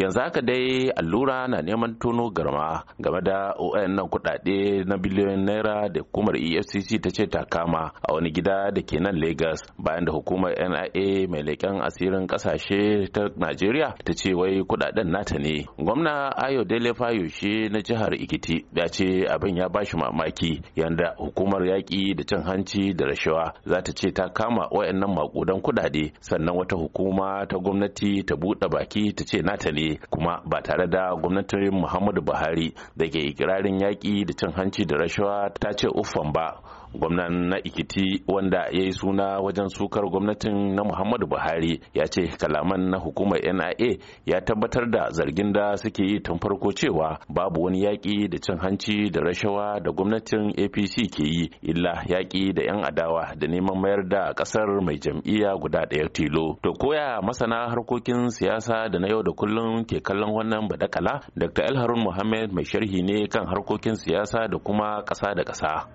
yanzu haka dai allura na neman tono garma game da ON nan kudade na biliyoyin naira da hukumar EFCC ta ce ta kama a wani gida da ke nan Lagos bayan da hukumar NIA mai leƙen asirin ƙasashe ta Najeriya ta ce wai kudaden nata ne. Gwamna Ayo Dele Fayoshe na jihar Ikiti ya ce abin ya bashi mamaki yanda hukumar yaƙi da cin hanci da rashawa za ta ce ta kama wayannan maƙudan kudade sannan wata hukuma ta gwamnati ta buɗe baki ta ce nata ne kuma ba tare da gwamnatin muhammadu buhari da ke ikirarin yaƙi da cin hanci da rashawa ta ce uffan ba gwamnan na ikiti wanda ya yi suna wajen sukar gwamnatin na muhammadu buhari ya ce kalaman na hukumar nia ya tabbatar da zargin da suke yi tun farko cewa babu wani yaƙi da cin hanci da rashawa da gwamnatin apc ke yi illa yaƙi da 'yan adawa da neman mayar da ƙasar mai jam'iyya guda ɗaya tilo to koya masana harkokin siyasa da na yau da kullum ke kallon wannan badakala dr Alharun harun mai sharhi ne kan harkokin siyasa da kuma ƙasa da ƙasa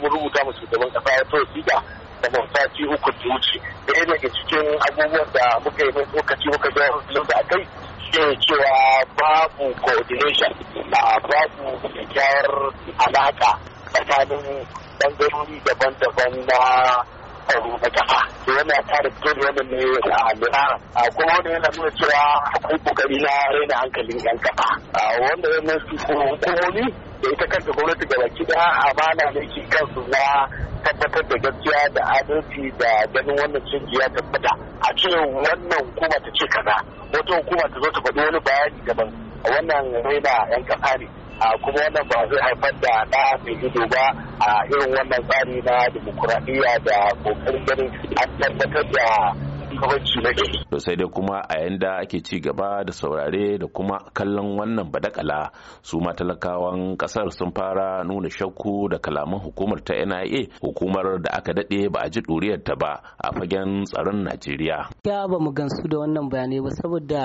mun rubuta mu shugaban kasa ya to sika kamar sati uku da wuce da yana daga cikin abubuwan da muka yi lokaci muka ga sun da akai shi cewa babu coordination a babu kyakkyawar alaƙa tsakanin bangarori daban-daban na tsaro na kasa to yana tare da wannan ne a lura a kuma wanda yana nuna cewa akwai kokari na raina hankalin yan kasa wanda yana hukumomi da ita kanta gwamnati da baki a amana da yake kansu na tabbatar da gaskiya da adalci da ganin wannan canji ya tabbata a ce wannan hukuma ta ce kaza wata hukuma ta zo ta faɗi wani bayani daban wannan raina yan kasa ne a kuma wannan ba zai haifar da na mai ido ba a irin wannan tsari na dimokuraɗiyya da kokarin ganin an tabbatar da shugabanci sai dai kuma a yayin da ake ci gaba da saurare da kuma kallon wannan badakala su ma talakawan kasar sun fara nuna shakku da kalaman hukumar ta NIA hukumar da aka dade ba a ji duriyar ta ba a fagen tsaron Najeriya. Ya ba mu gansu da wannan bayanai ba saboda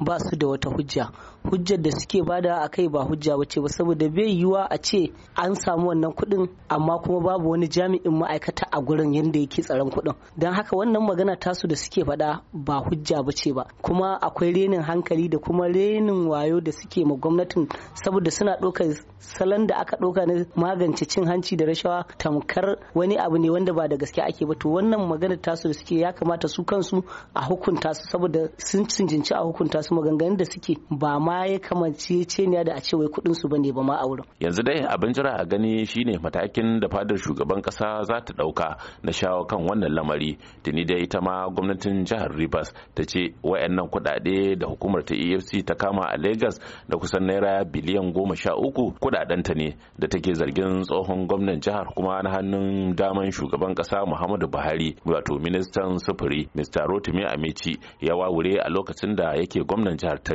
ba su da wata hujja hujjar da suke bada a kai ba hujja ba ce ba saboda bai yiwuwa a ce an samu wannan kuɗin amma kuma babu wani jami'in ma'aikata a gurin yadda yake tsaron kuɗin don haka wannan magana tasu da suke faɗa ba hujja ba ce ba kuma akwai renin hankali da kuma renin wayo da suke ma gwamnatin saboda suna ɗaukar salon da aka ɗauka na magance cin hanci da rashawa tamkar wani abu ne wanda ba da gaske ake ba to wannan magana tasu da suke ya kamata su kansu a hukunta su saboda sun cincinci a hukunta su wasu maganganun da suke ba ma ya ce ne da a ce wai kudin su bane ba ma a wurin yanzu dai abin jira a gani shine matakin da fadar shugaban kasa za ta dauka na shawo kan wannan lamari tuni dai ita ma gwamnatin jihar Rivers ta ce wayannan kuɗaɗe da hukumar ta EFC ta kama a Lagos da kusan naira biliyan goma sha uku kuɗaɗenta ne da take zargin tsohon gwamnan jihar kuma na hannun daman shugaban kasa Muhammadu Buhari wato ministan sufuri Mr. Rotimi Amici ya wawure a lokacin da yake gwamnati gwamnan jihar ta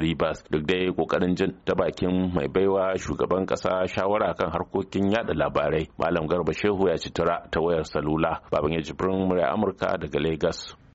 duk dai kokarin jin ta bakin mai baiwa shugaban kasa shawara kan harkokin yada labarai Malam Garba Shehu ya ci tura ta wayar salula Baban Jibrin murya Amurka daga Lagos